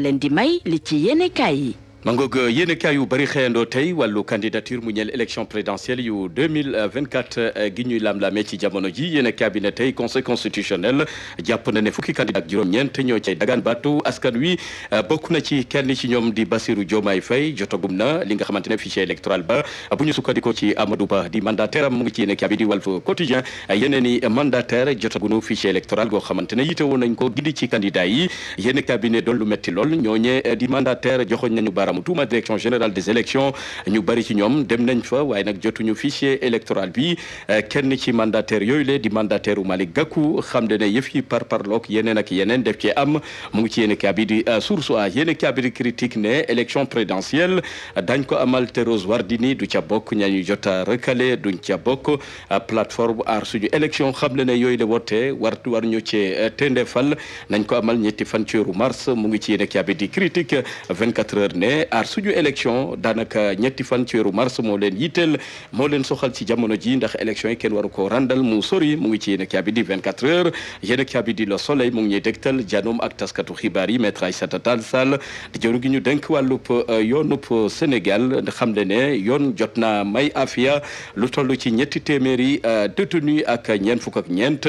ñoo leen di li ci yéene kaay yi mangoog euh, yéenekaay yu bëri xëyandoo tey wàllu candidature mu ñeel élection présidentielle yu 2024 euh, gi ñuy lam-lamee ci jamono ji yéenekaay bi ne tey conseil constitutionnel jàpp na ne fukki candidat ak juróom-ñeent ñoo cay dagaan baatu askan wi euh, bokk na ci kenn ci ñoom di Bassirou Diomaye Faye jotagum na li nga xamante ne fichier électoral ba bu ñu sukkandikoo ci amadu Ba di mandataire am mu ngi ci yéenekaay bi di Walf Quotidien yeneen i mandataire jotagunu fichier électoral goo xamante ne yite woon nañ ko gindi ci candidat yi yéenekaay bi ne doon lu metti lool ñooñee di mandataire joxoñ baaraamu tuuma direction générale des élections ñu bari ci ñoom dem nañ fa waaye nag jotuñu fichier électoral bi eh, kenn ci mandataire yooyu le di mandataire u Malick Gakou xam ne yëf yi par parloog yeneen ak yeneen def ci am mu ngi ci yéen kabi di eh, source a yéen kabi di critique ne élection présidentielle eh, dañ ko amal te Rose Wardini du ca bokk ñañu jot a recalé duñ ca bokk plateforme aar suñu élection xam na yooyu le woote war war ñu ci tendefal nañ ko amal ñetti fan ci weeru mars mu ngi ci yéen kabi di critique 24 heures ne ne aar suñu élection daanaka ñetti fan ci weeru mars moo leen yitteel moo leen soxal ci jamono ji ndax élection yi kenn waru ko randal mu sori mu ngi ci yéen a kaabi di 24 heures Soleil mu ngi ñuy dégtal ak taskatu xibaar yi maître Aïssata Tall Sall di jëru gi ñu dénk euh, Sénégal xam le ne yoon jot na may afia lu toll ci ñetti téeméeri euh, détenu ak ñeent fukk ak ñeent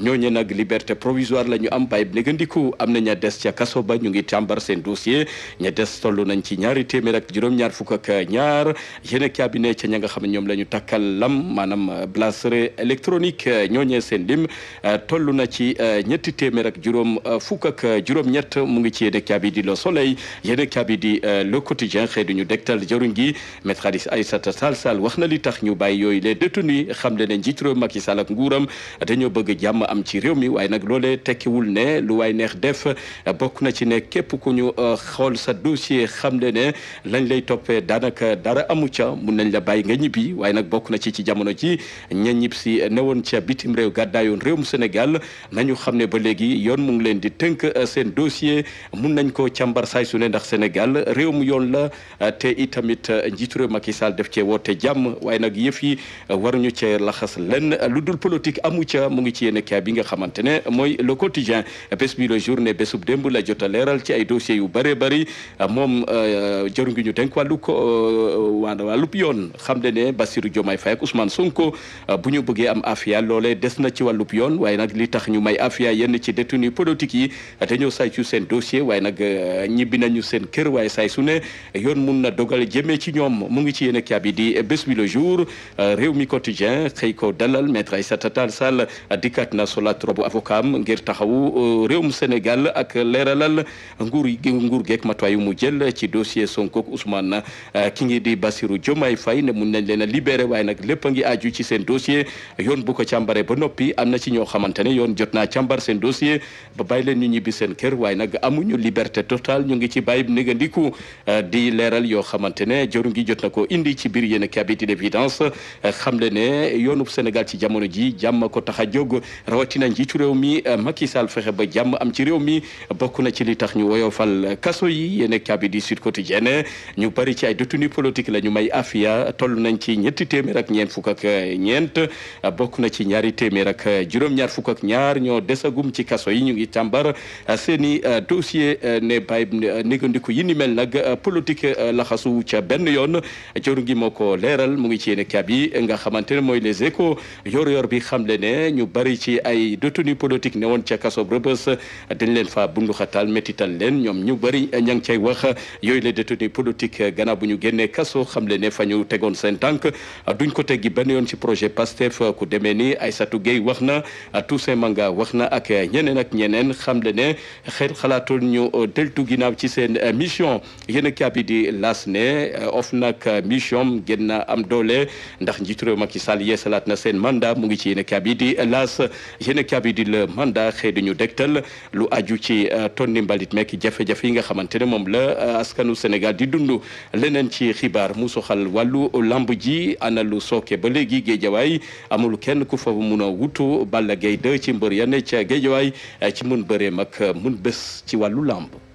ñooñu nag liberté provisoire la ñu am bàyyi négandiku am na ña des ca ba ñu ngi càmbar ñaari téeméer ak juróom-ñaar fukk ak ñaar ce cabinet ña nga xam ne ñoom la ñu takkal lam maanaam euh, bracelet électronique euh, ñooñee seen lim euh, toll na ci ñetti téeméer ak juróom fukk ak mu ngi ci yéen cabinet di Le Soleil yéen cabinet di Le Quotidien xëy duñu dektal jëruñ gi maître Aïssata Tall Sall wax na li tax ñu bàyyi yooyu les détenus xam le ne njiit réew Macky Sall ak nguuram dañoo bëgg jàmm am ci réew mi waaye nag loolee tekkiwul ne lu waay neex def bokk na ci ne képp ku ñu xool sa xamle ne lañ lay toppee daanaka dara amu ca mun nañ la bàyyi nga ñibbi waaye nag bokk na ci ci jamono ci ña ñib si newoon ca bitim réew gàddaayoon réewum Sénégal nañu xam ne ba léegi yoon mu ngi leen di tënk euh, seen dossier mun nañ ko càmbar saay sune ndax Sénégal réew mu yoon la euh, te itamit euh, njiitu réew Macky Sall def cee woote jàmm waaye nag yëf yi waruñu cee laxas lenn lu dul politique amu ca mu ngi ci yenn cas bi nga xamante ne mooy le quotidien bés bi le journée bésub démb la jot a leeral ci ay dossiers yu bare bari Euh, jëru ngi ñu dénk wàllu ko euh, wàllub yoon xam ne ne Bassirou Diomaye Faye ak Ousmane sunko euh, bu ñu bëggee am afia loolee des na ci wàllub yoon waaye nag li tax ñu may afia yenn ci détenu politique yi dañoo saytu seen dossier waaye nag ñibbi nañu seen kër waaye say su ne yoon mun na dogal jëmee ci ñoom mu ngi ci yéen a kaabi di bés bi le jour réew mi quotidien xëy ko dalal maître Aïssata Tall Sall dikkaat na solaat trop avocat am ngir taxawu mu Sénégal ak leeralal nguur nguur geek matuwaay mu jël ci dossier Sonko ak Ousmane euh, ki ngi di Bassirou Diomaye Faye ne mun nañ leen a libéré waaye nag lépp a ngi aju ci seen dossier yoon bu ko càmbaree ba noppi am na ci ñoo xamante ne yoon jot naa càmbar seen dossier ba bàyyi leen ñu ñibbi seen kër waaye nag amuñu liberté totale ñu ngi ci bàyyi négandiku euh, di leeral yoo xamante ne joru ngi jot na ko indi ci biir yéen a kabit d'évidence euh, xam le ne yoonub Sénégal ci jamono ji jàmm ko tax a jóg rawatina njiitu réew mi Macky Sall fexe ba jàmm am ci réew mi bokk na ci li tax ñu woyofal kaso yi yéen a kabit di Sud Côté quotidienne ñu bari ci ay détenu politique la ñu may afia toll nañ ci ñetti téeméer ak ñeent fukk eh, ñeent bokk na ci ñaari téeméer ak eh, juróom-ñaar fukk ak ñaar ñoo desagum ci kaso yi ñu ngi càmbar eh, seen i dossier ne bay négandiku yi ni mel nag politique laxasu ca benn yoon joru ngi moo ko leeral mu ngi ci yéene kab yi nga xamante ne mooy les échos yor-yor bi xam ne ñu bari ci ay détenu politique ne woon ca kaso Rebeuss dañ leen fa bundu xatal métital leen ñoom ñu bari ña yooyu les détenus politiques euh, gannaaw bu ñu génnee kaso xam le ne fa ñu tegoon seen tànk euh, duñ ko teggi benn yoon ci projet PASTEF euh, ku demee ni Aïssatou Gueye wax na Toussaint Manga wax na ak ñeneen ak ñeneen xam le ne xel xalaatul ñu deltu ginnaaw ci seen mission yéen a di las ne of nag mission gën na am doole ndax njiitu réew Macky Sall salaat na seen mandat mu ngi ci yéen a kaabi di las yéen a kaabi di le mandat xëy duñu dektal lu aju ci tonni mbalit mekk jafe-jafe yi nga askanu Sénégal di dund leneen ci xibaar mu soxal wàllu làmb ji ana lu sooke ba léegi géejawaay amul kenn ku fa mun a wutu Balla Gaye 2 ci mbër ya ne ca géejawaay ci mun bëree mag mun bés ci wàllu làmb